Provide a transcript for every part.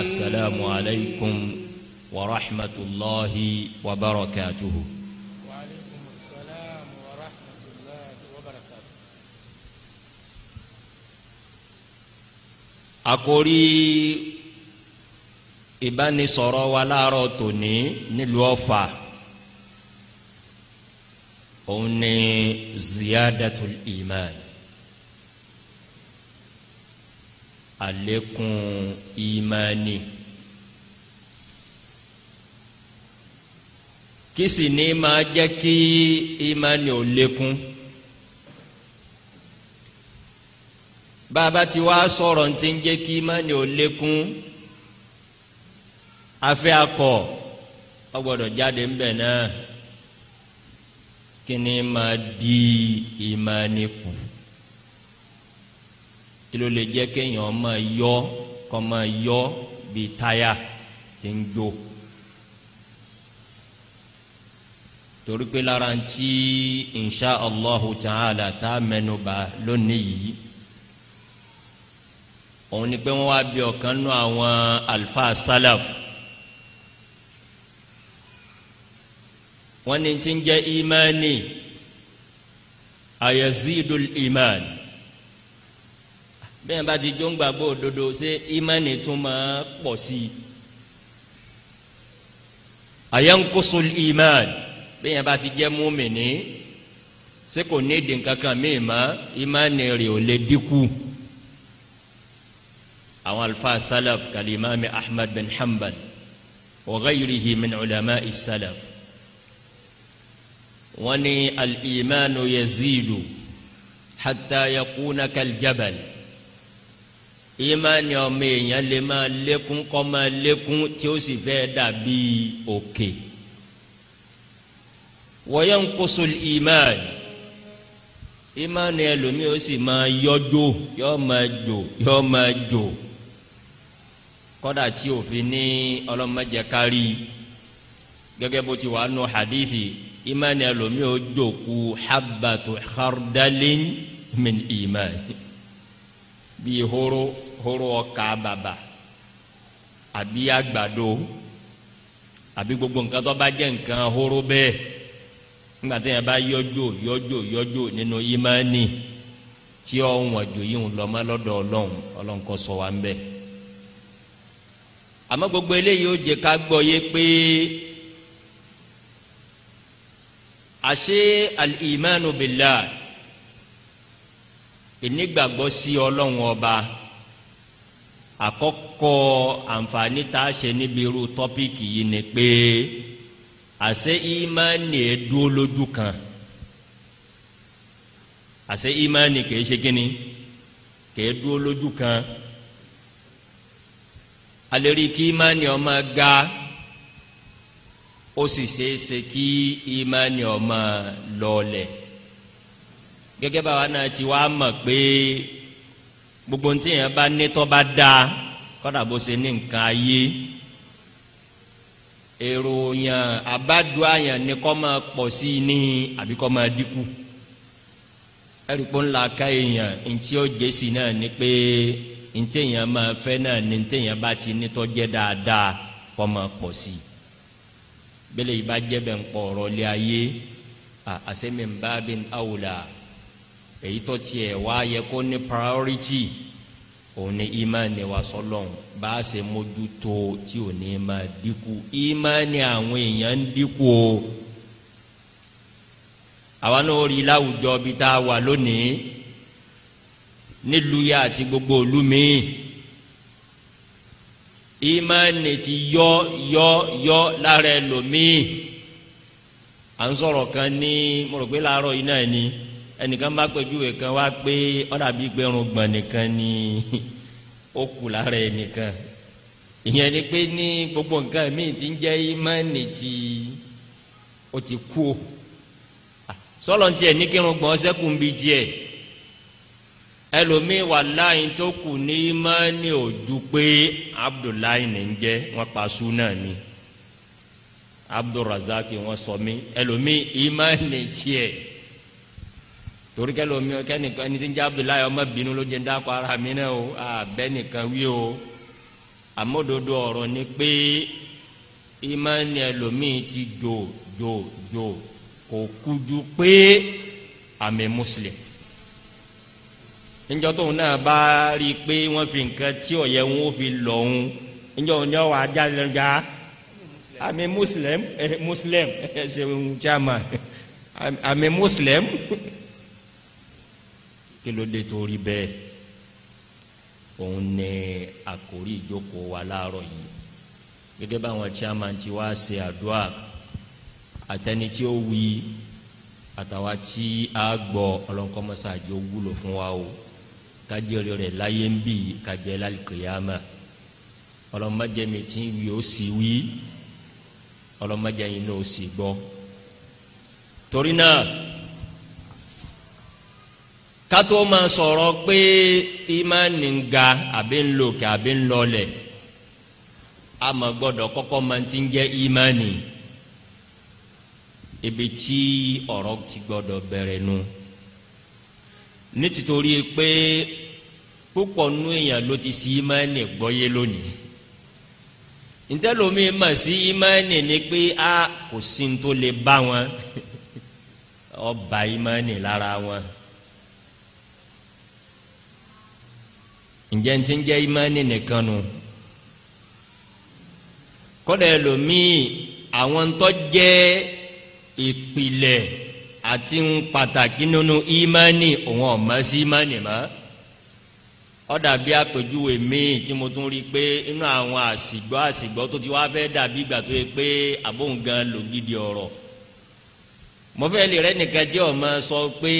السلام عليكم ورحمة الله وبركاته وعليكم السلام ورحمة الله وبركاته àkòrí ìbánisọ̀rọ̀ wa láàárọ̀ tòní nílùú Ọ̀fà òun ni ziyadatul iman àlékún Imani, kí sì ní máa jẹ́ kí ìmánì ò lékún. bàbá tí wàá sọ̀rọ̀ ní ti ń jẹ́ kí ìmánì ò lékún afẹ́ akọ̀ ọ jáde ńbẹ̀ náà kí ni di Imani. kù kí ló lè jẹ́ kéèyàn máa yọ kọ́ máa yọ bíi táyà tí ń jó torí pé lára ń tí insha allahu ta'ala tá a mẹ́nu lónìí yìí òun ni pé wọ́n wá bí ọ̀kan nú àwọn alfa salaf wọ́n ní ti ń jẹ́ imani ayazidul imani bẹ́ẹ̀ bá ti jó ń gbàgbọ́ òdodo ṣé ìmánì tún máa pọ̀ sí i. àyànkoso ìmán bẹ́ẹ̀ bá ti jẹ́ múmìnì ṣé kò ní èdè kankan míì mọ́ ìmánì rẹ̀ ò lè dínkù. àwọn alfa salaf kalimami ahmad bin hanbal wa ghayrihi min ulama salaf wọ́n ní al-imanu yazidu hatta yakuna kaljabal ìmánì ọmọ èèyàn lè máa lékún kọ́ máa lékún tí ó sì fẹ́ dàbí òkè wọ́yẹ́ ń kóso ìmánì ìmánì ẹlòmíì ó sì máa yọjó yọ máa jò yọ máa jò kọ́dà tí òfin ní ọlọ́mọdé kárí gẹ́gẹ́ bó ti wàá nù hadithi ìmánì ẹlòmíì ó jòkú habbatu khardalin min ìmánì bíi horo horo ọkà bàbà àbí àgbàdo àbí gbogbo nǹkan tó bá jẹ́ nǹkan horo bẹ́ẹ̀ nígbà tí yẹn bá yọjò yọjò yọjò nínú ìmánì tí ọ̀hún ọ̀jò yìí ń lọ mọ́ lọ́dọ̀ ọlọ́run ọlọ́run kò sọ wa ń bẹ̀. àmọ́ gbogbo eléyìí ó jẹ́ ká gbọ́ yé pé àṣé al-imanu billah ìnígbàgbọ́ sí ọlọ́run ọba àkọ́kọ́ àǹfààní tá a ṣe níbi irú tọ́píìkì yìí ni pé àṣẹ ìmánì ẹ̀ dúró lójú kan àṣẹ ìmánì kìí ṣe kínní kìí dúró lójú kan alérí kí ìmánì ó ga ó sì ṣeé ṣe kí ìmánì ó lọọlẹ̀ gẹ́gẹ́ báwa náà ti wá mọ̀ pé gbogbo ní tìyẹn bá ní tọ́ bá dáa kọ́dà bó ṣe ní nǹkan ayé èrò yẹn àbádùn àyàn ni kọ́ máa pọ̀ sí i ní àbí kọ́ máa dínkù ẹ̀rí pé ńlá ká èèyàn ntí ó jésì náà ni pé ntí èèyàn máa fẹ́ náà ni ntí èèyàn bá ti ní tọ́ jẹ́ dáadáa kọ́ máa pọ̀ sí i bẹ́lẹ̀ yìí bá jẹ́ bẹ́ẹ̀ ń pọ̀ ọ̀rọ̀ lé ayé àṣẹ́mi ń bá bí ń awùlà èyí tó tiẹ̀ wá yẹ kó ní priority òun ni ìmánì wa sọlọ́n bá a ṣe mójútó tí ò ní máa dínkù ìmánì àwọn èèyàn ń dínkù o àwa náà rí i láwùjọ bíi tá a wà lónìí nílùú yá àti gbogbo ìlú míì ìmánì ti yọ yọ yọ lára ẹlòmíì à ń sọ̀rọ̀ kan ní mo rò pé láàárọ̀ yìí náà ni. Yo, yo, yo, ẹnìkan bá pẹ̀júwe kan wá pé ọ̀dà bíi pé irùngbọ̀n nìkan ni ó kù lára ẹnìkan ìyẹn ni pé ní gbogbo nǹkan míì ti ń jẹ́ ìmọ̀ọ́nì tí ó ti kú o ah, sọlọ ń tiẹ̀ ní kí irùngbọ̀n ṣẹ́kù ń bi tiẹ̀ ẹlòmíì wà láyìn tó kù ní ìmọ̀ọ́nì ò pé Abdullahi ní ń jẹ́ wọ́n pa súnà ni Abdulrazak wọ́n sọ mí ẹlòmíì ìmọ̀ọ́nì tiẹ̀ torí kẹ́ mi, kẹ́nìkan ẹni tí ń jẹ́ abdullahi ọmọ bínú ló jẹ́ ń dákọ̀ ara mi náà o àbẹ́ nìkan wí o amódodo ọ̀rọ̀ ni pé ìmánì ẹlòmíì ti jò jò jò kò kújú pé àmì muslim níjọ́ tóun náà bá rí i pé wọ́n fi nǹkan tí ọ̀yẹ́ wọn ò fi lọ òun níjọ́ òun ni ọ̀wọ́ ajá lẹ́nu já àmì muslim ẹ eh, muslim ẹ ṣe ń chairman àmì muslim. kí ló dé tó rí bẹ́ẹ̀ òun ni àkórí ìjókòó wa láàárọ̀ yìí gẹ́gẹ́ báwọn chairman ti wá ṣe àdúrà àtẹni tí ó wí àtàwa tí a gbọ́ ọlọ́nkọ́mọsáàjì ó wúlò fún wa o kájẹ́rì rẹ̀ láyé ń bì kájẹ́ lálùkìyàmà ọlọ́mọdé mi ti wí ó sì wí ọlọ́mọdé yìí náà ó sì gbọ́ torí náà kátó máa sọ̀rọ̀ pé ìmánì ń ga àbí ń lòkè àbí ń lọlẹ̀ a mọ̀ gbọ́dọ̀ kọ́kọ́ máa ti ń jẹ́ ìmánì ibi tí ọ̀rọ̀ ti gbọ́dọ̀ bẹ̀rẹ̀ nu ní tìtorí pé púpọ̀ nú èèyàn ló ti sí ìmánì gbọ́yé lónìí ntẹ́lómi mọ̀ sí ìmánì ni pé a kò sí ní tó lè bá wọn ọba ìmánì lára wọn. ǹjẹ́ ti ń jẹ́ ìmánì nìkan nu kọ́dà ẹlòmíì àwọn tó jẹ́ ìpìlẹ̀ àti ń pàtàkì nínú ìmánì òun ọ̀mọ́ sí ìmánì mọ́ ó dàbí àpèjúwe míì tí mo tún rí i pé inú àwọn àsìgbọ́ àsìgbọ́ tó ti wá fẹ́ dàbí ìgbà tó yẹ pé àbóhùn gan lò ọ̀rọ̀ mo fẹ́ lè rẹ́ nìkan tí ọmọ sọ pé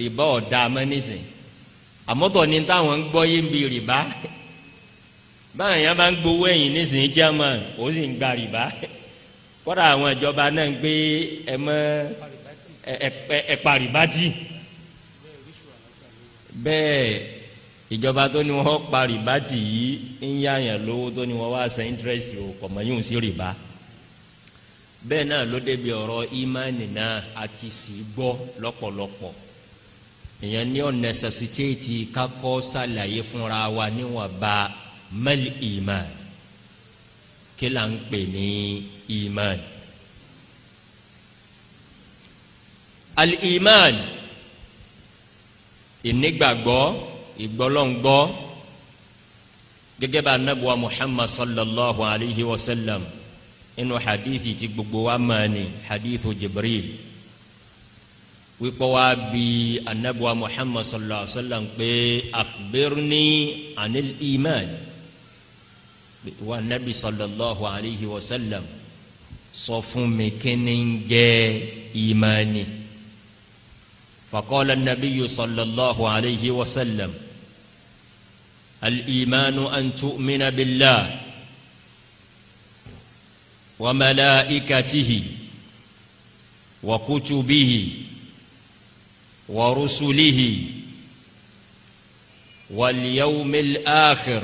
rìbá ọ̀dà mọ́ nísìnyí àmọ́tọ̀ ni táwọn ń gbọ́ yé ń bi rìbá báwọn èèyàn bá ń gbowó ẹ̀yìn nísìnyí german ó sì ń gba rìbá kọ́dà àwọn ìjọba náà ń gbé ẹ̀mọ́ ẹ̀pà rìbá tì bẹ́ẹ̀ ìjọba tó ní wọ́n pa rìbá tì yìí ń yáyàn lówó tó ní wọ́n wá san interest o kò mọ̀ yóò sí rìbá bẹ́ẹ̀ náà ló débi ọ̀rọ̀ ìmánì náà àti sì gbọ́ lọ́pọ̀lọpọ̀ ìyẹn ní ọ̀nà sàṣìkéètì kakọ́ sàlàyé fúnra wa níwọ̀n ba mẹ́lì ìmàn kí là ń pè ní ìmàn. al-iman ìnígbàgbọ́ ìgbọ́lọ́ngbọ́ gẹ́gẹ́ bá anabuwa muhammad sallallahu alayhi wa sallam inú hadithi tí gbogbo wa mọ̀ ni hadithu jibril. wípé wá bí anabuwa muhammad sallallahu alaihi wa sallam pé afbirni anil iman wa anabi sallallahu alaihi wa sallam sọ fún mi kí ni ń jẹ́ imani faqala nabiyu sallallahu alaihi wa sallam al-imanu an tu'mina billah wa malaikatihi wa kutubihi. ورسله واليوم الآخر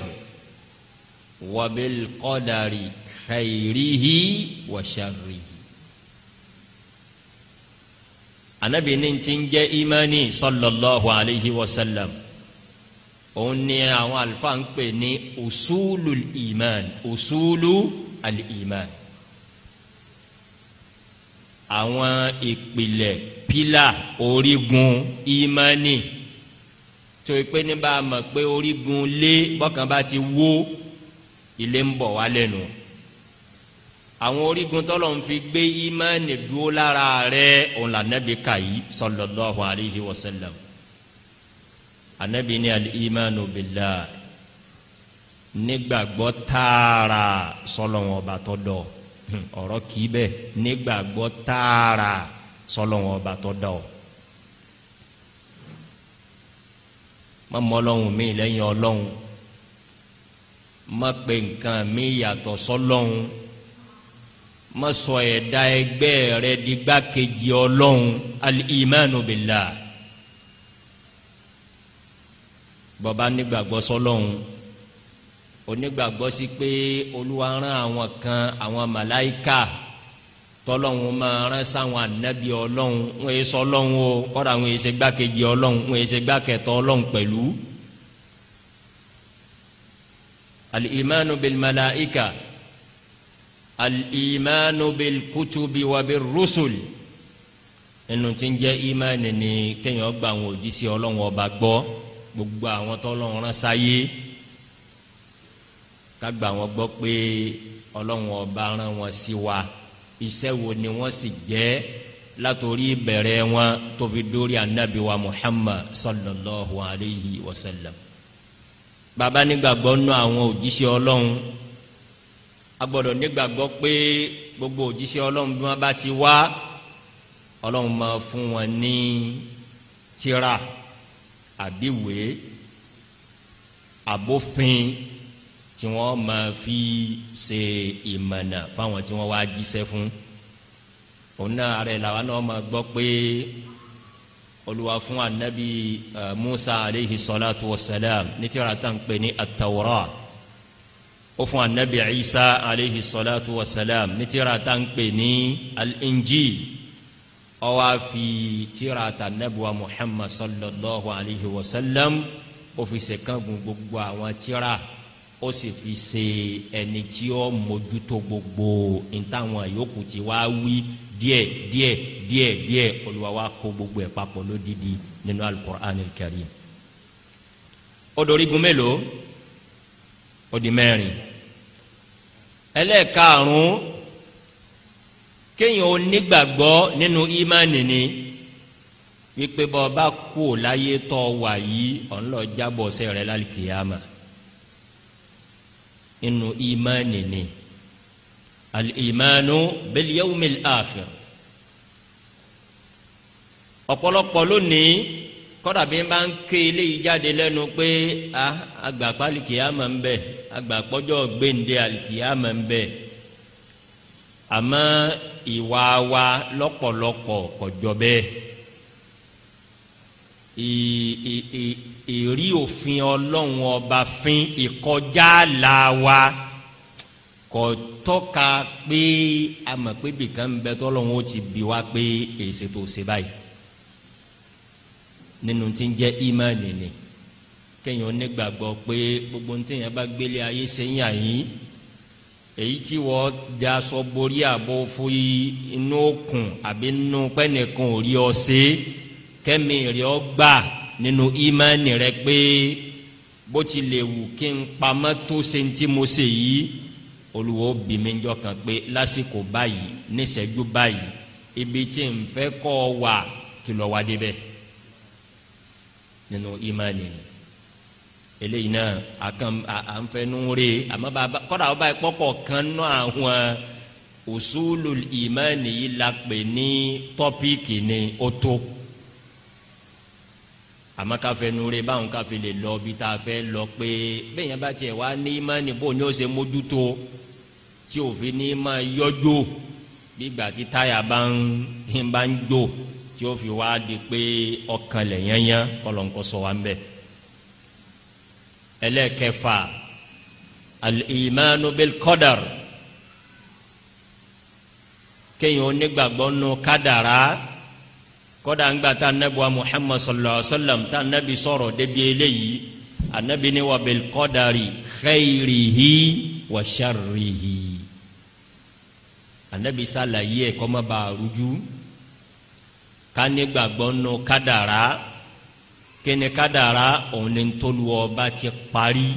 وبالقدر خيره وشره anabi ní ti ń jẹ́ imani sallallahu alayhi wa sallam òun ni àwọn alifa ń pè ní usulu iman usulu al iman àwọn ìpìlẹ̀ pílà orígun ìmánì tó yẹ pé níbà mọ̀ pé orígun lé bọ́kàn bá ti wó ilé ń bọ̀ wá lẹ́nu àwọn orígun tọ́lọ̀ ń fi gbé ìmánì dúró lára rẹ̀ òun là nẹ́bi kàyí sallallahu alaihi wasallam anabi ni al-imanu billah nígbàgbọ́ tààrà sọlọ́wọ́n ọba tọ́ dọ̀ ọ̀rọ̀ kìí bẹ́ẹ̀ nígbàgbọ́ tààrà sọlọ́wọ́n ọba tó dá ọ. mọ́mọ́ ọlọ́run mi lẹ́yìn ọlọ́run má pe nǹkan mi yàtọ̀ sọlọ́run má sọ ẹ̀dá ẹgbẹ́ rẹ digbákejì ọlọ́run al-imanu billah bọ́ba nígbàgbọ́ sọlọ́run onígbàgbọ́ sí pé olúwa rán àwọn kan àwọn màláìka tọ́lọ́hún máa rán sáwọn ànábì ọlọ́hún wọ́n èso ọlọ́hún o kọ́dà wọ́n èso gbákejì ọlọ́hún wọ́n èso gbákẹtọ̀ ọlọ́hún pẹ̀lú. al-imanu bil-malaika al-imanu bil-kutubi wa bir-rusul ẹnu tí ń jẹ́ ìmánì ni kéèyàn gba àwọn òjíṣẹ́ ọlọ́hún ọba gbọ́ gbogbo àwọn tọ́lọ́hún rán sáyé ká gba àwọn gbọ́ pé ọlọ́hún ọba rán wọn sí wa iṣẹ́ wo ni wọ́n sì jẹ́ látòrí bẹ̀rẹ̀ wọn tó fi dórí anabi wa muhammad sallallahu alayhi wa sallam baba nígbàgbọ́ nù àwọn òjíṣẹ́ ọlọ́run a gbọ́dọ̀ nígbàgbọ́ pé gbogbo òjíṣẹ́ ọlọ́run bí wọ́n bá ti wá ọlọ́run máa fún wọn ní tírà àbíwèé àbófin tí wọ́n máa fi ṣe ìmọ̀nà fáwọn tí wọ́n wá jíṣẹ́ fún òun náà rẹ̀ làwọn náà máa gbọ́ pé olùwà fún anabi Musa aleyhi salatu wa salam ní tírà tá à ń pè ní atawura ó fún anabi Isa aleyhi salatu wa salam ní tírà tá à ń ní al ó wá fi tírà tá anabiwa Muhammad sallallahu aleyhi wa salam ó fi ṣe gbogbo àwọn tírà ó sì fi ṣe ẹni tí ó mójútó gbogbo ntàwọn yòókù tí wàá wí díẹ̀ díẹ̀ díẹ̀ díẹ̀ Olúwa wa kó gbogbo ẹ̀ papọ̀ lódìdí nínú Al-Qur'anil Karim ó dorí gun mélòó ó di ẹlẹ́ẹ̀karùn-ún kéèyàn ó nígbàgbọ́ nínú ìmánì ni wípé bọ́ bá kú ò láyé tó wà yìí ọ̀nlọ́ọ̀ jábọ̀ ọ̀sẹ̀ lálùkìyàmà inú ìmánì ni al-imanu bil-yawmil akhir ọ̀pọ̀lọpọ̀ lónìí kọ́dà bí n bá ń ké eléyìí jáde lẹ́nu pé a agbàpá alikiyama ń bẹ agbàpọ́jọ́ gbéǹde alikiyama ń bẹ àmọ́ ìwà wa lọ́pọ̀lọpọ̀ kò jọ ìrí òfin ọlọ́run ọba fín ìkọjá wa kò tọ́ka pé a mọ̀ pé bìkan ń bẹ tọ́lọ́run ó ti bi wá pé èsì tó ṣe báyìí nínú tí ń jẹ́ ìmánì ni kéèyàn onígbàgbọ́ pé gbogbo ní téèyàn bá gbélé ayé sẹ́yìn àyín èyí tí wọ́n da sọ borí àbọ̀ fún inú òkun àbí inú pẹ́ẹ́nìkan ò rí ọ ṣe kẹ́mi rí ọ gbà nínú ìmánì rẹ pé bó ti lè wù kí n pamọ́ tó ṣe ti mo ṣe yìí olùwọ́ bí mi jọ kan pé lásìkò báyìí níṣẹ́jú báyìí ibi tí n fẹ́ kọ́ wà kí lọ́ọ́ wá débẹ̀ nínú ìmánì rẹ eléyìí náà àkàn àǹfẹ̀núure àmọ́ bàbá kọ́dà ọba ìpọ́kọ̀ kan náà àwọn usulul ìmánì yìí la pè ní tọ́píìkì ni ó tó àmọ́ ká fẹ́ nu re báwọn ká fi lè lọ bí tá a fẹ́ lọ pé bẹ́ẹ̀ yẹn bá tiẹ̀ wá ní má ní bó ní ó ṣe mójútó tí òfin ní má yọjó gbígbà tí táyà bá ń tí bá ń jó tí ó fi wá di pé ọkàn lẹ̀ yányán kọlọ̀ǹkọ sọ wa ń bẹ̀. ẹlẹ́kẹfà al-imanu bil qadar kéèyàn onígbàgbọ́ nu kádàrá. No kódà ńgbà tá anabi wa muhammad sallallahu alaihi wa sallam tá anabi sọ̀rọ̀ débi eléyìí anabi ni wa bil qadari khayrihi wa sharrihi anabi sàlàyé ẹ̀ kó má bàa rújú ká nígbàgbọ́ nù kádàrá kíni kádàrá òun ni ti parí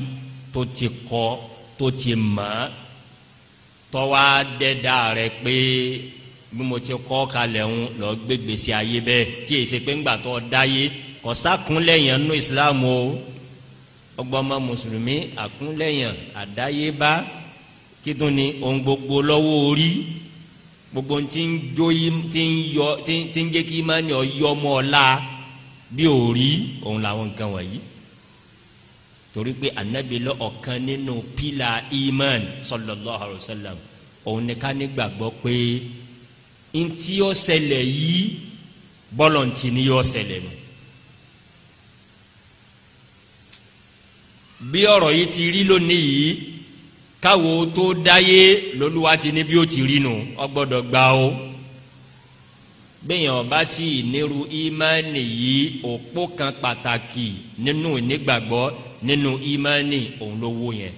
tó ti kọ tó ti mọ̀ tọ́wá dẹ́dá rẹ̀ bí mo ti kọ́ kalẹ̀ ń lọ gbégbèsè ayé bẹ́ẹ̀ tí èsì pé ńgbà tó dáyé kọ̀sákúnlẹ̀yàn nú ìsìláàmù o ọgbọ́mọ mùsùlùmí àkúnlẹ̀yàn àdáyébá kídùn ni ohun gbogbo lọ́wọ́ orí gbogbo ti ń jó ti ń yọ ti ń jẹ́ kí imáni ọyọ́ ọmọ ọ̀la bí òrí òun làwọn nǹkan wọ̀nyí torí pé anabi ọ̀kan nínú pílà imán sallallahu alaihi wasallam òun ni ká nígbàgbọ́ pé ntí yọ ṣẹlẹ̀ yìí bọ́lọ̀ ntí ni yọ ṣẹlẹ̀ nù. bí ọ̀rọ̀ yìí ti rí lónìí yìí káwo tó dáyé lolúwa ti ní bí ó ti rí nù ọgbọ́dọ̀ gbà o bẹ́ẹ̀yàn bá ti nírú ìmánì yìí òpó kan pàtàkì nínú ìnígbàgbọ́ nínú ìmánì òun ló wó yẹn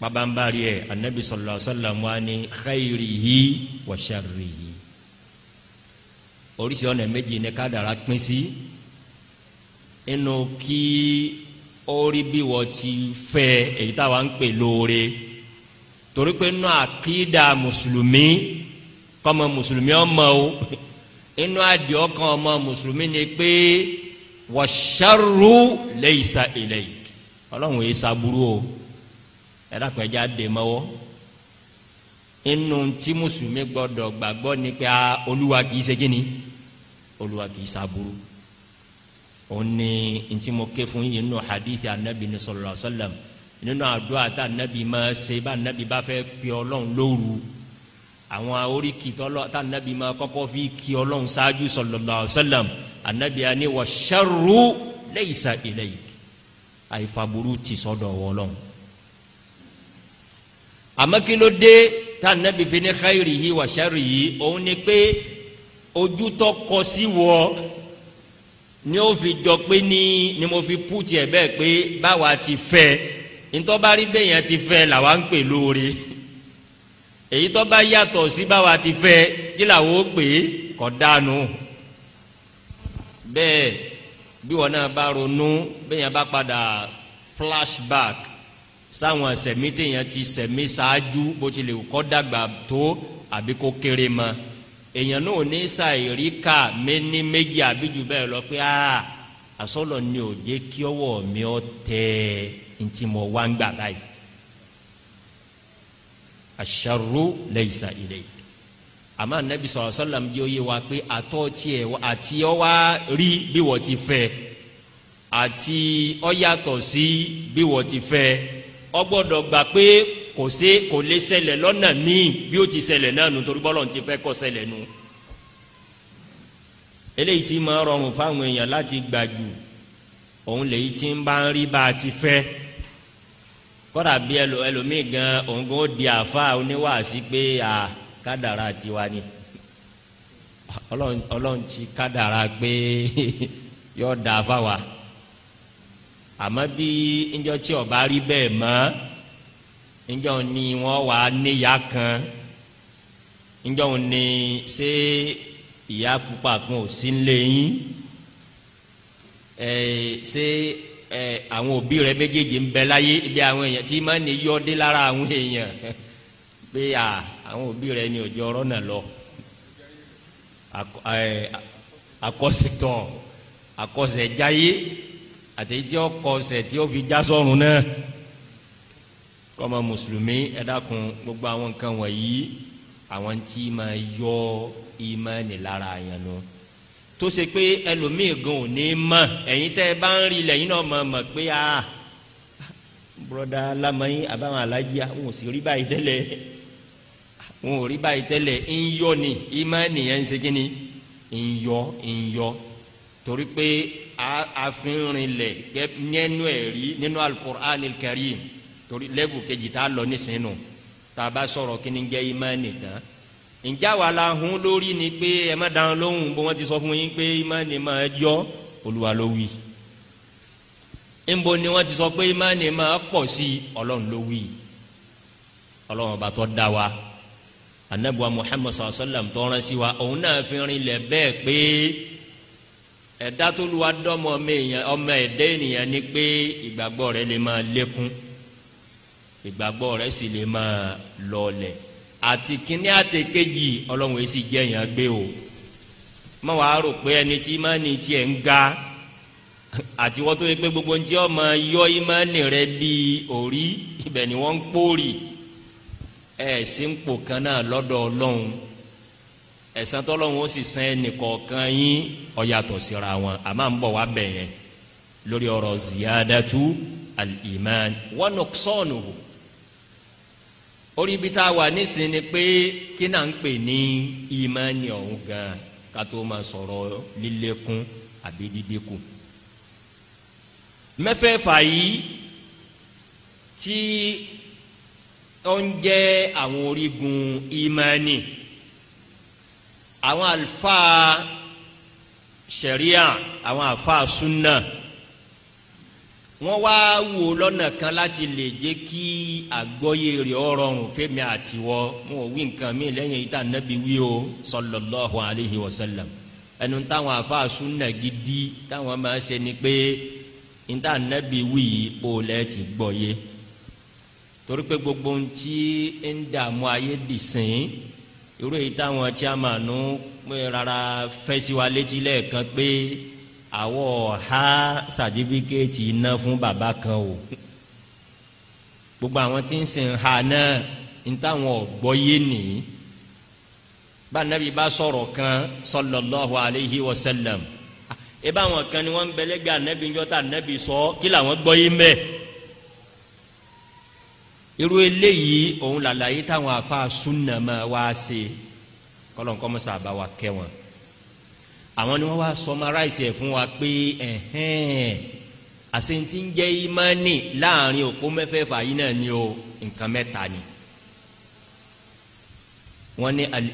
pabambari ẹ anabi sallallahu alaihi wasallam wa ni khayrihi wa sharrihi oríṣi ọ̀nà méjì ni kádàrá pín sí inú kí ó rí bí wọ́n ti fẹ́ èyí táwa ń pè lóore torí pé inú àkídà mùsùlùmí kọ́mọ mùsùlùmí ọmọ inú àdìọ́ kan ọmọ mùsùlùmí ni pé wa sharru laysa ilayk ọlọ́run yìí sábúrú o ẹ̀rọ àpẹjà dè mọ́wọ́ inú tí mùsùlùmí gbọ́dọ̀ gbàgbọ́ ni pé ah, olúwa kìí ṣe kíni olúwa kìí ṣàbúrú òun ni ntí mo ké fún yìí nínú hadithi anabi ní sallallahu alaihi wasallam nínú àdúrà tá anabi máa ṣe bá anabi bá fẹ́ pè ọlọ́run lóru àwọn oríkì tá anabi máa kọ́kọ́ fi kí ọlọ́run ṣáájú sallallahu alaihi anabi ani wa sharru laysa ilayk àìfàbúrú ti sọ́dọ̀ wọlọ́run àmọ́ kí ló dé tá nàbí fi ní xayiri yìí wà sẹ́rì yìí òun ni pé ojútọ́ kọ sí wọ ni ó fi jọ pé ní ni mo fi pú tiẹ̀ bẹ́ẹ̀ pé báwa ti fẹ́ ntọ́bárí bẹ́yẹn ti fẹ́ làwa ń pè lóore èyí tó bá yàtọ̀ sí báwa ti fẹ́ kí làwọn pè é kọ́ dànù bẹ́ẹ̀ bí wọn náà bá ronú bẹ́yẹn bá padà flashback sáwọn ẹsẹ̀mí téèyàn ti sẹ̀mí ṣáájú bó ti lè kọ́ dàgbà tó àbí kó kéré mọ́ èèyàn náà ní sàìrí kà mí ní méjì àbí jù bẹ́ẹ̀ lọ pé aa àsọlọ ni ò jẹ́ kí ọwọ́ mi ọ tẹ ntí mo wá ń gbà báyìí asharu laysa ilayk àmọ́ anabi sọ̀rọ̀ sọ́lá mi yóò yé wa pé àtọ́ tiẹ̀ àti ọwá rí bí wọ́n ti fẹ́ àti ọ yàtọ̀ sí bí wọ́n ti fẹ́ ó gbọ́dọ̀ gbà pé kò sí kò lè ṣẹlẹ̀ lọ́nà míì bí ó ti ṣẹlẹ̀ náà nù torí bọ́lọ̀ ti fẹ́ kó ṣẹlẹ̀ nù. eléyìí tí máa rọrùn fáwọn èèyàn láti gbà jù òun lèyí tí ń bá ń rí bá a ti fẹ́ kọ́dà bí ẹlòmíì gan òun gan ó di àfa oníwàásí pé a kádàrá tiwa ni ọlọ́run ti kádàrá pé yọ̀ọ́ dà fáwa àmọ́ bí ńjọ́ tí ọba rí bẹ́ẹ̀ mọ́ ńjọ́ ni wọ́n wà níyà kan ńjọ́ ni ṣé ìyá pupa kan ò sí ńlẹ̀ yín ẹ̀ ṣé ẹ̀ àwọn òbí rẹ méjèèjì ń bẹ láyé ibi àwọn èèyàn tí máa ní yọ́dé lára àwọn èèyàn pé àwọn òbí rẹ ni òjò ọ̀rọ̀ náà lọ àkọsẹ̀tọ̀ àkọsẹ̀jáyé àti tí ó kọ ọsẹ tí ó fi já sọrùn náà kọmọ mùsùlùmí ẹ dákun gbogbo àwọn nǹkan wọ̀nyí àwọn tí máa yọ ìmánì lára yẹn nu tó ṣe pé ẹlòmíì gan ò ní mọ̀ ẹ̀yin tẹ́ ẹ bá ń rí lẹ́yìn náà mọ̀ mọ̀ pé a ah, bùrọ̀dá lamọ̀yìn àbáwọn alájí àwọn ah, ò sì rí báyìí tẹ́lẹ̀ wọn ò rí báyìí tẹ́lẹ̀ ń yọ ni ìmánì yẹn ń ṣe kí ni ń yọ ń yọ torí pé àfihànrinlẹ̀ nínú ẹ̀rí nínú al-Qur'an torí lẹ́bù kejì tá a lọ nísìnyí nù tá a bá sọ̀rọ̀ kí ni jẹ́ ìmánì tán ǹjẹ́ àwa la hun lórí ni pé ẹ má dáhùn lóhùn bó wọ́n ti sọ fún yín pé ìmánì máa yọ Olúwa ló wí ńbo ni wọ́n ti sọ pé ìmánì máa pọ̀ sí Ọlọ́run ló wí Ọlọ́run ọba tó wa anabuwa Muhammad sallam tó rán sí wa òun náà fi rin lẹ̀ bẹ́ẹ̀ pé ẹ̀dá tó lu adọ́mọ ọmọ ẹ̀dá ènìyàn ni pé ìgbàgbọ́ rẹ̀ lè máa lékún ìgbàgbọ́ rẹ̀ sì lè máa lọlẹ̀ àti kíní àtẹ̀kejì ọlọ́run èsì jẹ̀yàn gbé o mọ wàá rò pé ẹni tí ìmánì tiẹ̀ ń ga àti wọ́n tó yẹ pé gbogbo ǹjẹ́ ọmọ yọ ìmánì rẹ bíi òrí ibẹ̀ ni wọ́n ń pòórì ẹ̀ sí kan náà lọ́dọ̀ ọlọ́run ẹ̀san tọ́lọ́hún ó sì san ẹnìkọ̀ọ̀kan yín ó yàtọ̀ síra wọn àmọ́ à ń bọ̀ wá bẹ̀ yẹn lórí ọ̀rọ̀ ziyadatu al-iman wa nuqsanuhu orí ibi tá a wà nísìnyí ni pé kí náà ń pè ní ìmánì ọ̀hún gan ká tó máa sọ̀rọ̀ lílékún àbí dídínkù mẹ́fẹ̀ẹ̀fà yìí tí ó ń jẹ́ àwọn orígun ìmánì àwọn alfa ṣẹ̀ríà àwọn alfa súnà wọ́n wá wò lọ́nà kan láti lè jẹ́ kí àgbọ́yé rẹ̀ ó rọrùn fẹ́mi àtiwọ́ wọn ò wí nǹkan mi lẹ́yìn ìta nẹ́bi wí o sallallahu alayhi wa sallam ẹnu táwọn àlùfáà súnà gidi táwọn máa ṣe ni pé ìta nẹ́bi wí yìí kó lẹ́ẹ̀ ti gbọ́ yé torí pé gbogbo ohun tí ń dààmú ayé dì irú èyí táwọn chairman pé rárá fẹ́ sí wa létí lẹ́ẹ̀kan pé àwọ̀ ha sàtífíkẹ́ẹ̀tì iná fún bàbá kan o gbogbo àwọn tí ń sìn ha náà ń táwọn ọ̀gbọ́ yé nìyí bá nàbí bá sọ̀rọ̀ kan sallallahu alayhi wa sallam ẹ bá àwọn kan ni wọ́n ń bẹ̀lẹ́gbẹ̀ ànábì ń jọ́ta ànábì sọ kí làwọn gbọ́ yé mẹ́ẹ̀ irú eléyìí òun làlàyé táwọn afa sunna máa wá ṣe kọlọ́nkọ́ mọ́sá bá wa kẹ́ wọn àwọn ni wọ́n wá sọmaráìsì ẹ̀ fún wa pé ẹ̀hẹ́n àṣentí ń jẹ́ ìmánì láàrin òpó mẹ́fẹ̀ẹ̀fà yìí náà ni o nǹkan mẹ́ta ni wọ́n ní al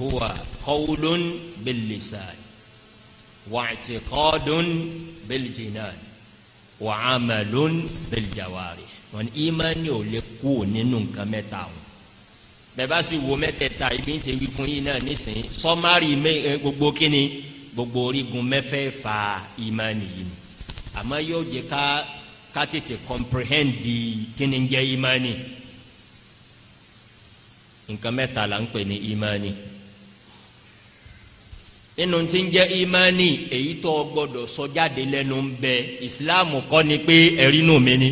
huwa qawlun bil-lisan wa i'tiqadun bil-jinan wọn imani ò lè kú nínú nǹkan mẹ́ta o bẹ́ẹ̀ bá sì wo mẹ́tẹ̀ẹ̀ta ibi ń ṣe wí fún yín náà nísìnyí sọ́márì gbogbo kínni gbogbo orígun mẹ́fẹ̀ẹ̀fà ìmánì yìí ni àmọ́ yóò jẹ́ ká ká tètè comprehend di kínni jẹ́ ìmánì nǹkan mẹ́ta la ń pè ní ìmánì nínú tí ń jẹ́ ìmánì èyí tó gbọ́dọ̀ sọ jáde lẹ́nu ń bẹ ìsìláàmù kọ́ ni pé ẹ̀rí nù mí ni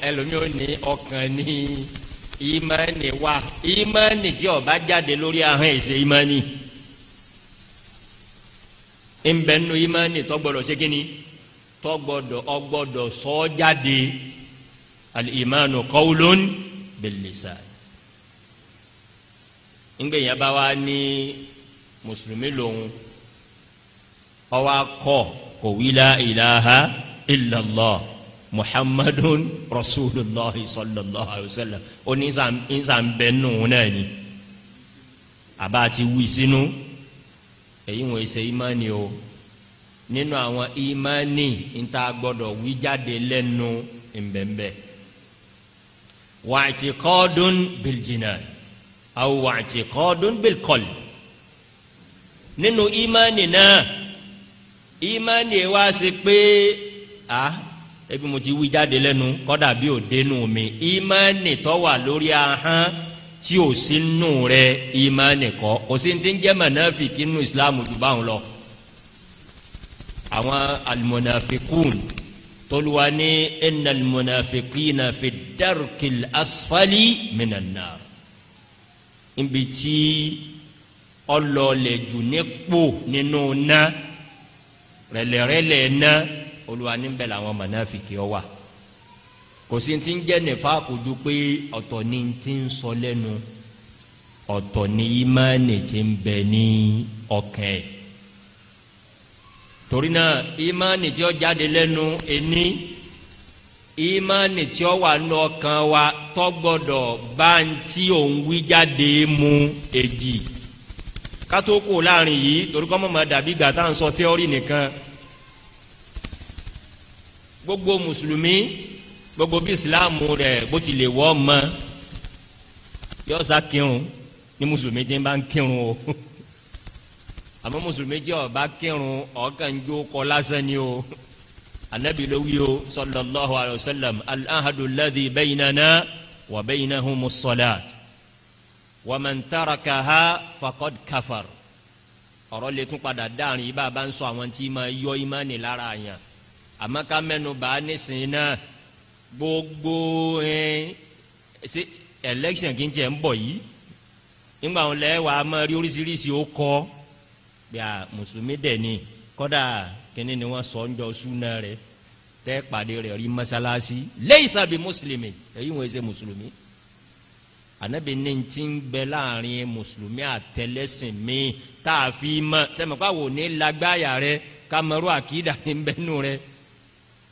ẹlòmíì ò ní ọkàn ní ìmánì wà ìmánì tí ó bá jáde lórí ahọ́n ẹ̀sẹ̀ ìmánì ńbẹ́nu ìmánì tó gbọ́dọ̀ ṣe kínní tó gbọ́dọ̀ ó gbọ́dọ̀ sọ jáde al-imanu qawlun bil-lisan bá wa ní mùsùlùmí lòun ó wá kò wí la ilaha illallah muhammadun rasulillah sallallahu alayhi wa sallam ó ní nsàn bẹ́ẹ̀ nù náà ni àbá ti wí sínú èyí wọ́n ṣe ìmánì o nínú àwọn ìmánì níta gbọ́dọ̀ wí jáde lẹ́nu ìbẹ̀ǹbẹ̀ wa'tiqadun biljinan aw wa'tiqadun bilqalb nínú ìmánì náà ìmánì wa ṣe pé a ah, ebi mo ti wí jáde lẹ́nu kọ́dà bí ò dénú mi ìmánì tó wà lórí ahọ́n tí ò sí nù rẹ ìmánì kọ́ kò sí ti ń jẹ́ mọ̀nàfìkì nù islam jù báwọn lọ. àwọn almunafikun tolúwa ní inna almunafikina fi darkil asfali minan nar tí ọlọ́ọ̀lẹ̀ jù nípò nínú ná rẹ̀lẹ̀rẹ̀lẹ̀ náà olúwa níbẹ̀ làwọn mọ̀nàfìkì ọ wà kò sí ti ń jẹ́ nìfà kò ju pé ọ̀tọ̀ ni ti ń sọ lẹ́nu ọ̀tọ̀ ni ìmánì ti ń bẹ ní ọkàn ẹ̀ torí náà ìmánì tí ó jáde lẹ́nu ẹni ìmánì tí ó wà ní ọkàn wa tó bá ń tí òun wí jáde mu èjì kátó kù láàrin yìí torí kọ́ mọ̀ dàbí gbà ń sọ theory nìkan gbogbo mùsùlùmí gbogbo bí ìsìláàmù rẹ̀ bó ti lè wọ́ ọmọ yọ́sà kírun ní mùsùlùmí tí ń bá ń kírun o àmọ́ mùsùlùmí tí ó bá kírun ọ̀ọ́kàn jó kọ lásán ni o anabi ló wí o sallallahu alayhi wa sallam al-ahadu alladhi baynana wa baynahumu as-salat wa man tarakaha kafar ọ̀rọ̀ lè padà dáhùn yìí bá a bá ń sọ àwọn tí ma yọ ìmánì lára yàn àmọ́ ká mẹ́nu bá nísìnyí náà gbogbo election kí n tiẹ̀ ń bọ̀ yìí nígbà wọn lẹ́wàá mọ́ rí oríṣiríṣi ó kọ́ bí a mùsùlùmí dẹ̀ ni kọ́dà kíní ni wọ́n sọ ń jọ súná rẹ̀ tẹ́ pàdé rẹ̀ rí mọ́sálásí laysa bi mùsùlùmí èyí wọ́n ṣe mùsùlùmí anabi ní ti ń bẹ láàrin mùsùlùmí àtẹlẹsìn mi tá a fi mọ sẹ́mi pàwọ́ ní lágbáyà rẹ kamaru àkìdá ní bẹ́nu rẹ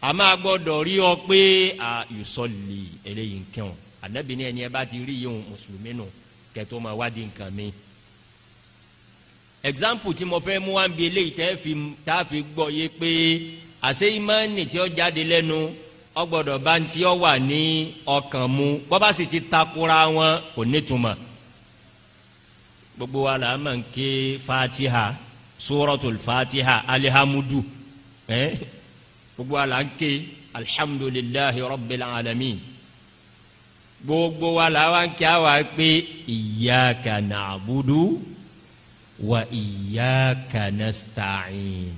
a máa gbọ́dọ̀ rí ọ pé a yusolli eléyìí nkẹwọn anabi ní ẹni ẹ bá ti rí yìí mùsùlùmí nù kẹtọ máa wádìí nǹkan mi. example tí mo fẹ́ mú wá ń bi eléyìí tẹ́ fi tá a fi gbọ́ yé pé àṣé ìmánì tí ó jáde lẹ́nu ó gbọ́dọ̀ bá ń tí ó wà ní ọkàn mu bó bá sì ti takora wọn kò nítumọ̀ gbogbo wa là á máa ń ké fatiha suratul fatiha alihamudu. Eh? gbogbo ala ń ké alhamdulilahi rabbil alamin gbogbo ala wa ń ké awa pé iyaka na'budu wa iyaka nasta'in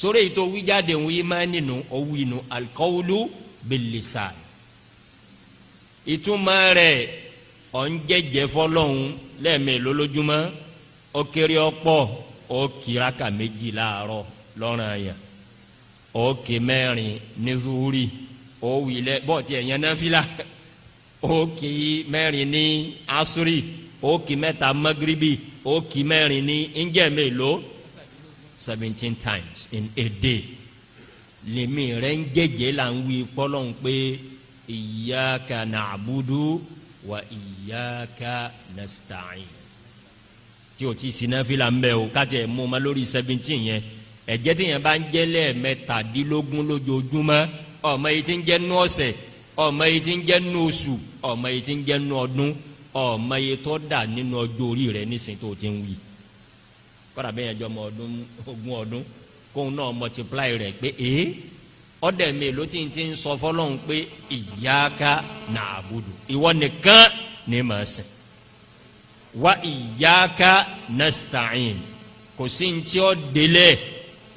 sórí èyí tó wí jáde ń wí máa nínú owó alikawulu bilisan ìtumọ̀ rẹ̀ ọ̀ fọlọ́hún lẹ́ẹ̀mẹ́lò lójúmọ́ ó ọ̀pọ̀ ó kíraka méjì lọ́rùn àyàn òkè mẹ́rin ní zuhuri òwì lẹ bọ́ọ̀tì ẹ̀yẹn náfìlà òkè mẹ́rin ní asuri òkè mẹ́ta magribi òkè mẹ́rin ní ńjẹ́ mélòó seventeen times in a day lèmi rẹ̀ ń jẹ́jẹ́ là ń wí kọ́lọ́n pé iyyaka na'budu wa iyyaka nasta'in tí o ti sinafila ń bẹ o kájẹ mú ma lórí seventeen yẹn ẹ̀jẹ̀ tí yẹn bá ń jẹ́ lẹ́ẹ̀mẹ́tàdínlógún lójoojúmọ́ ọmọ yìí ti ń jẹ́ nú ọ̀sẹ̀ ọmọ yìí ti ń jẹ́ nú oṣù ọmọ yìí ti ń jẹ́ nú ọdún ọmọ yìí tó dà nínú ọjọ́ orí rẹ̀ nísìn tó ti ń wí kọ́ra bẹ́ẹ̀ yẹn jọ ọmọ ọdún ogún ọdún kóun náà multiply rẹ̀ pé ee ọ̀dẹ̀ mi ló ti ń ti ń sọ fọlọ́hún pé iyyaka na'budu ìwọ nìkan ni màá sìn wa iyyaka nasta'in kò sí ní tí ó délẹ̀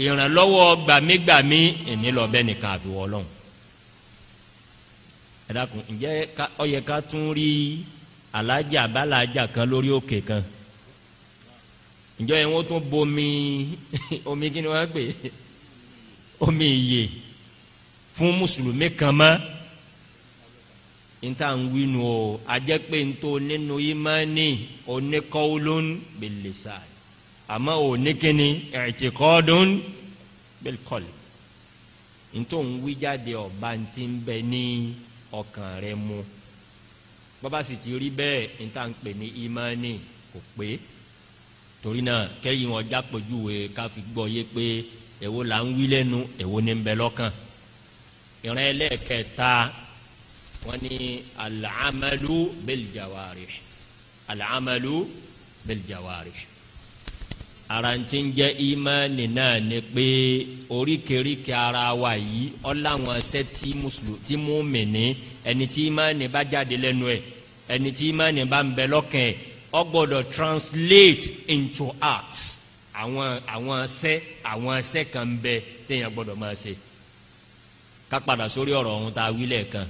ìrànlọ́wọ́ gbàmígbàmí èmi lọ bẹ́ẹ̀ nìkan àfi wọ́lọ́hún ẹ dákun ǹjẹ́ ó yẹ ká tún rí alájà abálájà kan lórí òkè kan ǹjọ́ yẹn wọ́n tún bomi omi kí ni wọ́n pè omi ìyè fún mùsùlùmí kan mọ́ nta ń winu o a jẹ́ pé ntò nínú yìí máa ní oníkọ́wọ́lón bèlè sáà àmọ́ ò ní kíni i'tiqadun bil qalbi ntòun wí jáde ọba ti ń bẹ ní ọkàn rẹ mu bọ́bá sì ti rí bẹ́ẹ̀ níta ń pè ní ìmánì kò pé torí náà kẹ́yìn wọn jápọ̀júwe ká fi gbọ́ yé pé èwo là ń wí lẹ́nu èwo ní ń bẹ lọ́kàn ìran ẹlẹ́ẹ̀kẹta wọn ni al-amalu bil jawarih al-amalu ara ń ti ń jẹ́ ìmánì náà ni pé oríkèéríkèé ara wa yìí ọ̀làwọn ẹsẹ̀ tí mùsùlùmí tí mùmìnì ẹni tí ìmánì bá jáde lẹ́nu ẹ̀ ẹni tí ìmánì bá ń bẹ lọ́kàn ẹ̀ ó gbọ́dọ̀ translate into acts àwọn àwọn ẹsẹ̀ àwọn ẹsẹ̀ kan ń bẹ téèyàn gbọ́dọ̀ máa ṣe ká padà sórí ọ̀rọ̀ ọ̀hún tá a wí lẹ́ẹ̀kan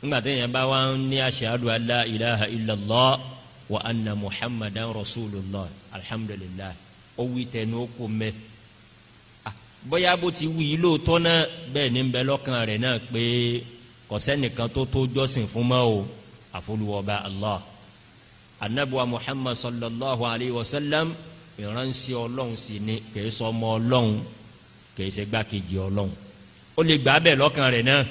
nígbà téèyàn bá wá ń ní ashhadu alla ilaha illallah wa anna muhammadan rasulillah alhamdulilah ó wí tẹnu ó kó mẹ ah, bóyá bó ti wí yìí lóòótọ́ náà bẹ́ẹ̀ ni ń bẹ lọ́kàn rẹ̀ náà pé kò sẹ́nìkan tó tó jọ́sìn fún mọ́ o àfolúwọ́ba allah anabuwa muhammad sallallahu alayhi wa sallam ìránṣẹ́ ọlọ́run sì ni kìí sọ ọmọ kìí ṣe gbákejì ọlọ́run ó lè gbà bẹ́ẹ̀ lọ́kàn rẹ̀ náà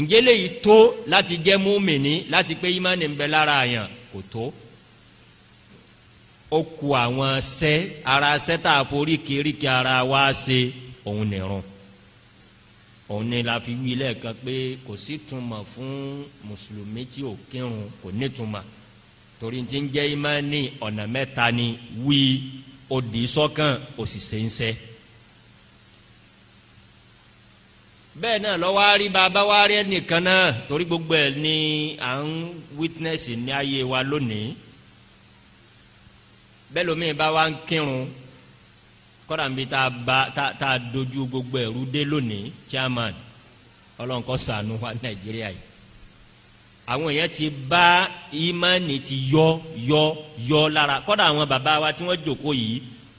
ǹjẹ́ léyìí tó láti jẹ́ múmìnì láti pé ìmánì ń bẹ lára àyàn kò tó ó ku àwọn sẹ́ ara sẹ́ tá a forí kéríkì ara wa ṣe òun nìrun òun ni la fi wí lẹ́ẹ̀kan pé kò sí túmọ̀ fún mùsùlùmí tí ò kírun kò ní túmọ̀ torí ti ń jẹ́ ìmánì ọ̀nà mẹ́ta ni wí òdì sọ́kàn òṣìṣẹ́ ń sẹ́ bẹ́ẹ̀ náà lọ́wọ́ àárí bàbá wa rí ẹnìkan náà torí gbogbo ẹ̀ ni à ń witness ní ayé wa lónìí bẹ́ẹ̀ lómi bá wa ń kírun kọ́dà ń bi tá ba ta ta dojú gbogbo ẹ̀rú dé lónìí chairman ọlọ́nkọ́ sànù wa nàìjíríà yìí àwọn èèyàn ti bá ìmánì ti yọ yọ yọ lára kọ́dà àwọn bàbá wa tí wọ́n jòkó yìí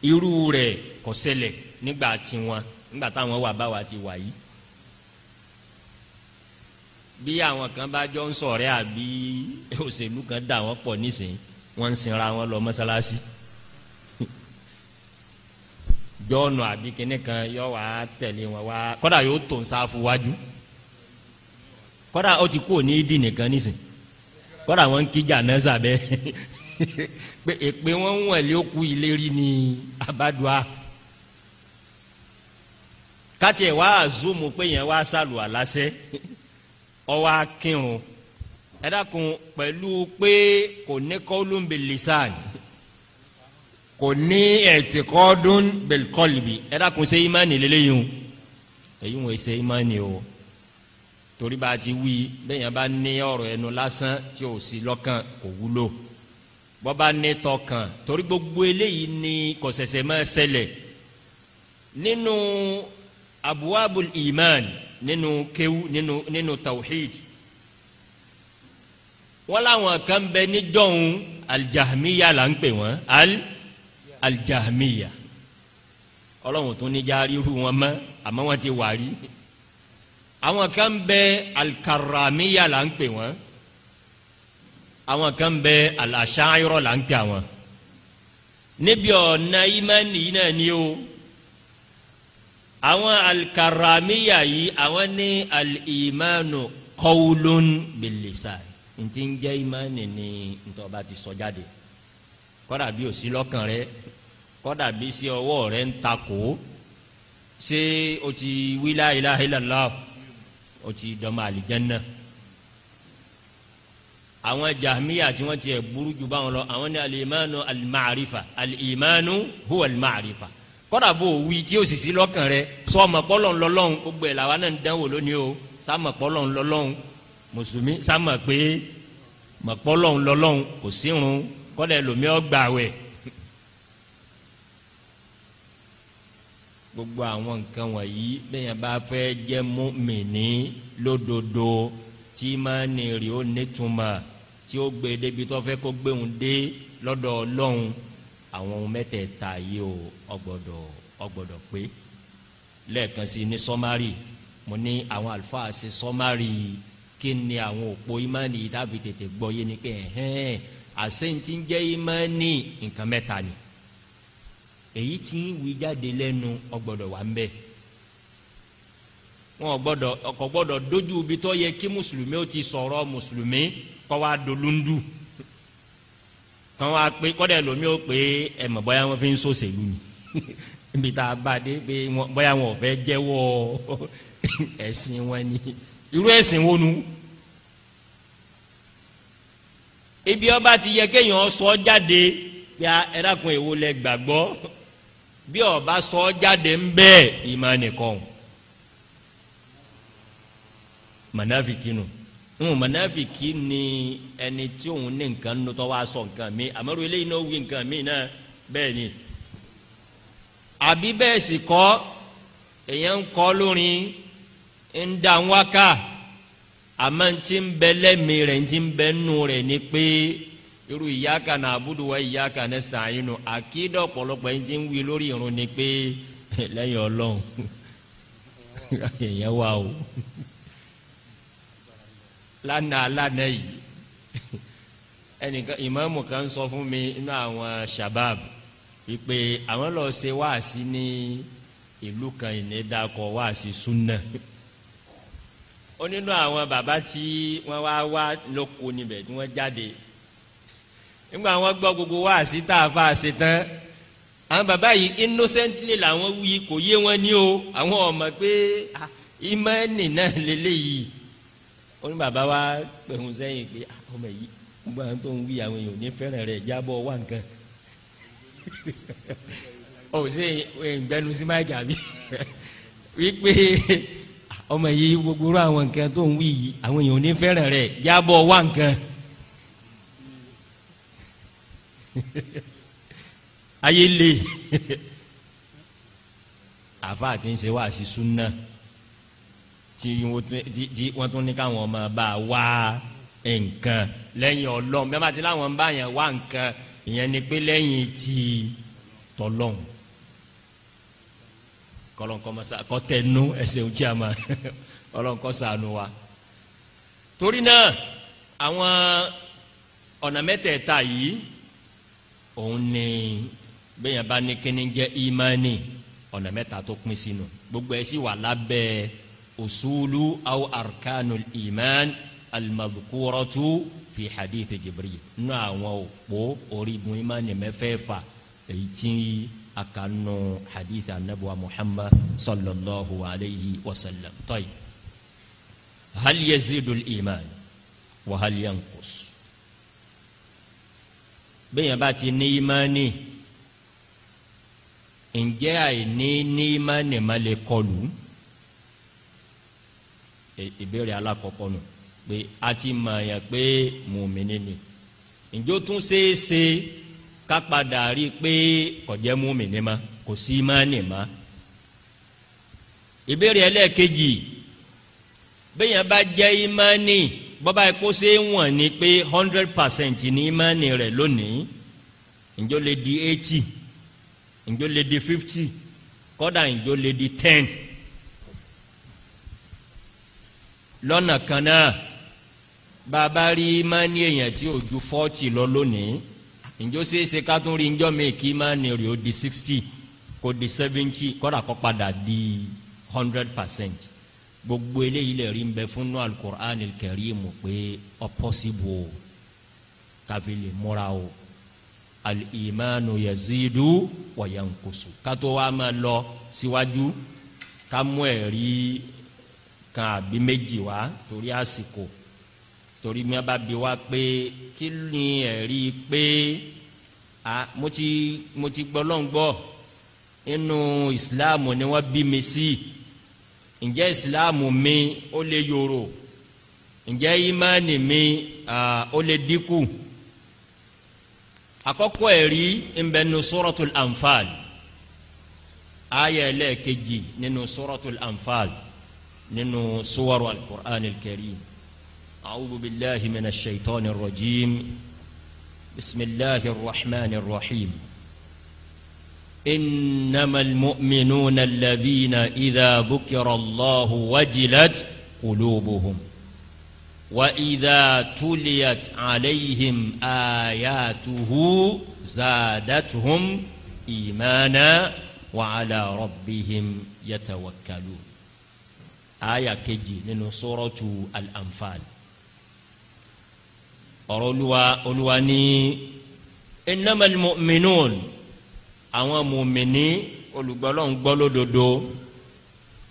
irú rẹ̀ kò ṣẹlẹ̀ nígbà tiwọn nígbà táwọn wà bá wa ti wà yìí bí àwọn kan bá jọ ń ṣọ̀rẹ́ àbí òṣèlú kan dà wọ́n pọ̀ nísìnyí wọ́n ń sinra wọn lọ mọ́sálásí. Si jọ́ọ̀nù àbí kínní kan yọ wá tẹ̀lé wọn wá kọ́dà yóò tó nsáfù wájú kọ́dà ó ti kú òní ìdí nìkan nísìn kọ́dà wọn ń kíjà náà sàbẹ́ pé èpè wọn ń wọ̀lé òkú ìlérí ni abádùá káti ẹ̀ wá àzúmu pé yẹn wá sàlùwà lásẹ ọwọ́ akírun ẹ dákun pẹ̀lú pé kò ní kọ́ ló ń bẹ lè sáà ni kò ní ẹ̀tìkọ́dún bẹ̀lkọ́lìbì ẹ dákun ṣe ìmánì lélẹ́yìn o èyí wọ́n ṣe ìmánì o torí bá a ti wí bẹ́yẹn bá ní ọ̀rọ̀ ẹnu lásán tí ò sí lọ́kàn kò wúlò bọ́ bá ní tọkàn torí gbogbo eléyìí ni kò ṣẹ̀ṣẹ̀ máa ṣẹlẹ̀ nínú abuwabul iman nínú kéwú nínú nínú tawhid wọ́n láwọn kan bẹ níjọ́hún aljahmiya là ń pè wọ́n al. -jahmiyya, aljahmiya ọlọ́run tún ní jaari irú wọn mọ́ àmọ́ wọn ti wà rí àwọn kan bẹ alikaramiya là ń pè wọn àwọn kan bẹ alasayọrọ là ń pè àwọn níbi ọ̀nà ìmánì yìí náà ni o àwọn alikaramiya yìí àwọn ní alìmánu kọ́wulun ntí ń jẹ́ ìmánì ni ntọ́ ti sọ jáde. So kọ́dà bí òsì lọ́kàn rẹ kọ́dà bí sí ọwọ́ rẹ ń takò ṣé o ti wí la ilaha illallah o ti dọ́mọ àlìjẹ́nà àwọn jahmiya tí wọ́n ti ẹ̀ burú ju báwọn lọ àwọn ní alimanu alimarifa alimanu huwa alimarifa kọ́dà bó o wí tí o sì sí lọ́kàn rẹ sọ ọmọ pọ́lọ́ ńlọ́lọ́hún gbogbo ẹ̀ làwa náà ń dánwò lónìí o sáàmọ̀ pọ́lọ́ ńlọ́lọ́hún mùsùlùmí sáàmọ̀ pé mọ̀pọ́lọ́ ńlọ́lọ́hún kò sírun kọ́lẹ̀ lomi ọgbà wẹ̀ gbogbo àwọn nǹkan wọ̀nyí lẹ́yìn bá fẹ́ jẹ́ mùmínì lódodo tí máa ní rí ó nítumọ̀ tí ó gbé e débi tó fẹ́ kó gbé òun dé lọ́dọ̀ ọlọ́run àwọn ohun mẹ́tẹ̀ẹ̀ta yìí ó ọgbọ́dọ̀ ọgbọ́dọ̀ pé lẹ́ẹ̀kan sí ní sọ́márì mo ní àwọn àlùfáà ṣe sọ́márì kí ni àwọn òpó ìmánì yìí tàbí tètè gbọ́ yé ni pé ẹ̀hẹ́n àṣeyìntì ń jẹ́ ìmánì nǹkan mẹ́ta ni èyí tí ń wí jáde lẹ́nu ọgbọ́dọ̀ wà ń bẹ wọn gbọ́dọ̀ ọkọ gbọ́dọ̀ dojú ibi tó yẹ kí mùsùlùmí ó ti sọ̀rọ̀ mùsùlùmí kọ wá dolóńdù kàn wá pé kọ́dẹ̀ lómi ó pé ẹ mọ̀ bóyá wọn fi ń sòṣèlú ni ibi tá a bá dé pé bóyá wọn ò fẹ́ jẹ́wọ́ ẹ̀sìn wọn ni irú ẹ̀sìn wo nu. ibi ọba ti yẹ kéèyàn sọ jáde ya ẹ̀dàkùn èwo lẹ gbàgbọ́ bí ọba sọ jáde ń bẹ́ẹ̀ ìmọ̀ nìkan mọ̀nàfìkínú ń mọ̀nàfìkí ni ẹni tí òun ní nǹkan ń tọ́ wá sọ nǹkan mi àmọ́rò eléyìí náà wí nǹkan mi náà bẹ́ẹ̀ ni àbí bẹ́ẹ̀ sì kọ́ èèyàn ń kọ́ lórin ń dá ń wákà. àmọ́ ntí ń bẹ lẹ́mi rẹ̀ ntí ń bẹ nù rẹ̀ ni pé irú iyyaka na'budu wa iyyaka nasta'inu àkídọ̀ ọ̀pọ̀lọpọ̀ ń wí lórí irun ni pé lẹ́yìn ọlọ́run wà o lánàá lánàá yìí ẹnìkan ìmáàmù kan sọ fún mi inú àwọn shabab wípé àwọn lọ se wáàsí ní ìlú kan ìní wáàsí súnà. ó nínú àwọn bàbá tí wọ́n wá wá lóko níbẹ̀ tí wọ́n jáde nígbà wọ́n gbọ́ gbogbo wá sí tá a fa àṣẹ tán àwọn bàbá yìí innocently làwọn wuyi kò yé wọn ní o àwọn ọmọ pé ìmọ̀ẹ́nì náà lélẹ́yìí ó bàbá wa pẹ̀hùn sẹ́yìn pé ọmọ yìí gbogbo àwọn tó ń wí àwọn èèyàn ní fẹ́ràn rẹ̀ jábọ̀ wá nǹkan ọ̀ ṣe ìgbẹ́nu sí máìkì àbí wípé ọmọ yìí gbogbo àwọn nǹkan tó ń wí yìí àwọn èèyàn ò rẹ̀ jábọ̀ wá nǹkan. ayé le àfa àti ń wá sí súnà tí wọ́n tún ní káwọn ọmọ bá wá nǹkan lẹ́yìn ọlọ́run bí wọ́n bá ti láwọn ń bá yẹn wá nǹkan ìyẹn ni pé lẹ́yìn ti tọ́lọ́run kọlọ́nkọ́mọ́sá kọ́tẹ́nu ẹsẹ̀ ojú àmà ọlọ́nkọ́sánú wa. torí náà àwọn ọ̀nà mẹ́tẹ̀ẹ̀ta yìí òun ni bẹ́ẹ̀ bá ní kíní jẹ́ ìmánì ọ̀nà mẹ́ta tó pín sínú gbogbo ẹ̀ sì wà lábẹ́ usulu aw arkanul iman almadhkuratu fi hadith jibril nínú àwọn òpó orígun ìmánì mẹ́fẹ̀ẹ̀fà èyí tí akanu hadith anabuwa muhammad sallallahu alayhi wa sallam tayi hal yazidul iman wa hal yankus bẹ́ẹ̀ bá ti ní imani ǹjẹ́ àìní ní imani má lè kọlù ìbéèrè alákọ̀ọ́kọ́ nù pé a ti mọ̀ yẹn pé mùmíní ni ǹjọ́ tún ṣeé ṣe ká padà rí i pé kò jẹ́ mùmínì mọ́ kò sí ìmánì mọ́. ìbéèrè ẹlẹ́ẹ̀kejì bẹ́yẹn bá jẹ́ ìmánì bọ́bá epo ṣe ń wọ̀n ni pé hundred percent ní ìmánì rẹ̀ lónìí ǹjọ́ lè di eighty ǹjọ́ lè di fifty kọ́dà ǹjọ́ lè di ten lọ́nà kan náà bàbá rí ìmánì èèyàn tí ò ju forty lọ lónìí ǹjọ́ ṣeéṣe ká tún rí ǹjọ́ mi kì í máa ní rí o di sixty kò di seventy kọ́dà kọ́ padà di hundred percent gbogbo eléyìí lè rí nbẹ fún nù alukur'an karim pé ọ pọ́sibú o káfí lè múra o alìmánu yazidu wàyànkoso kátó wa máa lọ síwájú ká mú ẹ̀rí kan àbí méjì wá torí àsìkò torí mi bá bi wá pé kí ni ẹ̀rí pé a mo ti mo ti gbọ́ lọ́ngbọ́ inú ìsìláàmù ni wọ́n bí mi sí ǹjẹ́ ìsìláàmù mi ó lè yòrò ǹjẹ́ ìmánì mi ó lè dínkù àkọ́kọ́ ẹ̀rí ń bẹ nínú suratul anfal aya ẹlẹ́ẹ̀kejì nínú suratul anfal nínú suwaru al-Qur'an al-Karim. al quran أعوذ بالله من الشيطان الرجيم بسم الله الرحمن الرحيم إنما المؤمنون الذين إذا ذكر الله وجلت قلوبهم وإذا تليت عليهم آياته زادتهم إيمانا وعلى ربهم يتوكلون آية كجي من سورة الأنفال ọ̀rọ̀ olúwa olúwa ní innamal mu'minun àwọn mùmìnì olùgbọ́lọ́hún gbọ́ lódodo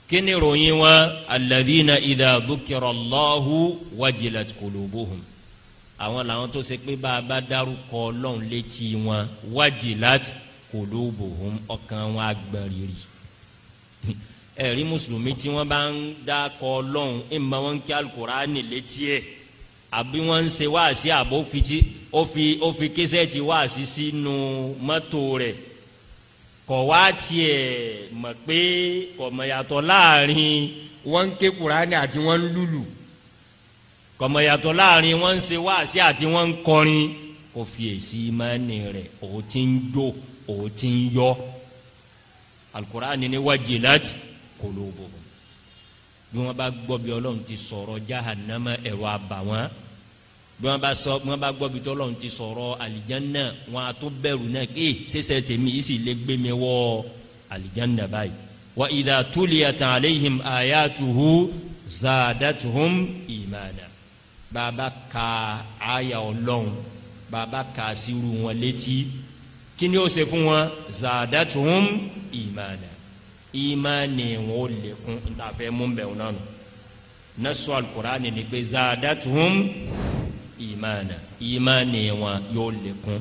kí ni ròyìn wọn alladhina idha dhukira Allahu wajilat qulubuhum àwọn làwọn tó ṣe pé bá a bá dárúkọ ọlọ́run létí wọn wajilat qulubuhum ọkàn wọn agbẹ̀rìrì ẹ̀rí mùsùlùmí tí wọ́n bá ń dákọ ọlọ́run ìmọ̀ wọn kí alukurani létí ẹ̀ àbí wọ́n ń ṣe wáàsí àbó fiti ó fi ó fi késẹ́ẹ̀tì wáàsí sínú mọ́tò rẹ̀ kọ̀ wá tiẹ̀ mọ̀ pé kọ̀ mọ̀ yàtọ̀ láàrin wọ́n ń ké kuraani àti wọ́n ń lùlù kọ̀ láàrin wọ́n ń ṣe wáàsí àti wọ́n ń kọrin kò fi èsì ìmọ̀ọ́nì rẹ̀ òun ti ń jó òun ti ń yọ alukuraani ni wàjìlá kò lóbo bí wọ́n bá gbọ́ bí ọlọ́run ti sọ̀rọ̀ jahannama ẹ̀wọ̀ àbà wọn bí wọ́n bá sọ bí wọ́n bá gbọ́ bí tọ́lọ́run ti sọ̀rọ̀ àlìjánná wọn á tó náà pé eh, ṣẹṣẹ tèmi yìí sì lè gbé mi wọ àlìjánná báyìí. wa idha tuliyat alayhim ayatuhu zaadatuhum imana bàbá ka àyà ọlọ́run bàbá ka sírù wọn létí kí ni ó ṣe fún wọn zaadatuhum imana ìmánì wọn ò lékún ntàfẹ́ mú bẹ̀ wọn nánu nasu alukurani ni pé zaadatum ìmánà ìmánì wọn yóò lékún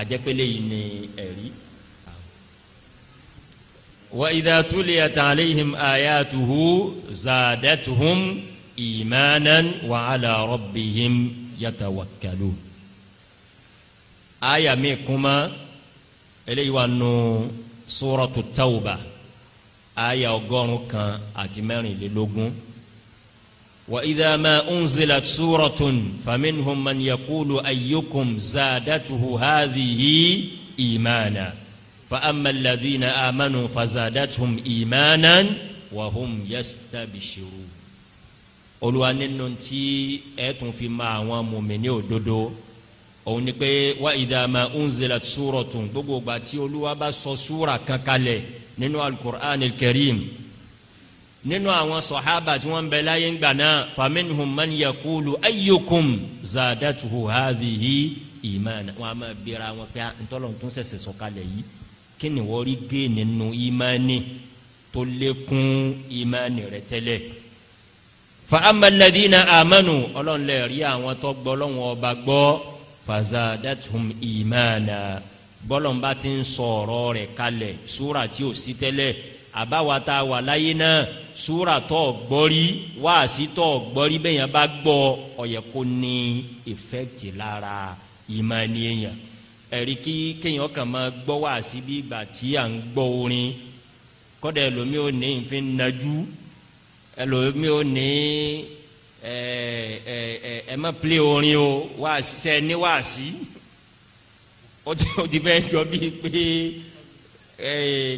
àjẹpẹ́lẹ́ yìí ni ẹ̀rí. وإذا تليت عليهم آياته زادتهم إيمانا وعلى ربهم يتوكلون آية ميكما إلي وأنه سورة التوبة aya ọgọ́rùn kan àti mẹ́rìnlélógún. وإذا ما أنزلت سورة فمنهم من يقول أيكم زادته هذه إيمانا فأما الذين آمنوا فزادتهم إيمانا وهم يستبشرون Olúwa nínú tí ẹ tún fi ma àwọn mòmìnì òdodo òun ni pé wa idha ma unzilat suratun gbogbo ìgbà tí Olúwa bá sọ súra kan kalẹ̀ nínú alukur'an karim nínú àwọn sọ̀hábà tí wọ́n ń bẹ láyé ńgbà náà faminhum man yakulu ayyukum zadatuhu hadhihi imana wọn a máa bira wọn pé ah, ntọ́lọ̀ tó ń sẹ̀sẹ̀ sọ̀kalẹ̀ yìí kí ni wọ́n rí gé nínú imani fa amma amanu ọlọ́run lè rí àwọn tó gbọ́ lọ́wọ́ ọba gbọ́ fazadathum imana bọ́lọ̀mbá ti ń sọ ọ̀rọ̀ rẹ̀ kalẹ̀ súra tí ò sí tẹ́lẹ̀ àbáwa tá a wà láyé náà súra tó gbọ́rí wáàsí tó gbọ́rí bẹ́ẹ̀ yẹn bá gbọ́ ó yẹ kó ní ìfẹ́kìtì lára ìmánì èèyàn ẹ̀rí kí kéèyàn kàn máa gbọ́ wáàsí bí ìgbà tí à ń gbọ́ orin kọ́dà ẹlòmíì ò ní ìfín najú ẹlòmíì ò ní ẹ ẹ ẹ ẹ má pilẹ̀ orin o wáàsí sẹ́ẹ̀ ní wáàsí o ti o ti fẹ́ jọ bíi pé ẹ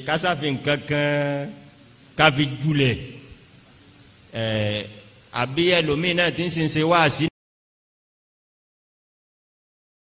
kásáfin kankan káfi julẹ̀ ẹ àbí ẹlòmíì náà ti ń sin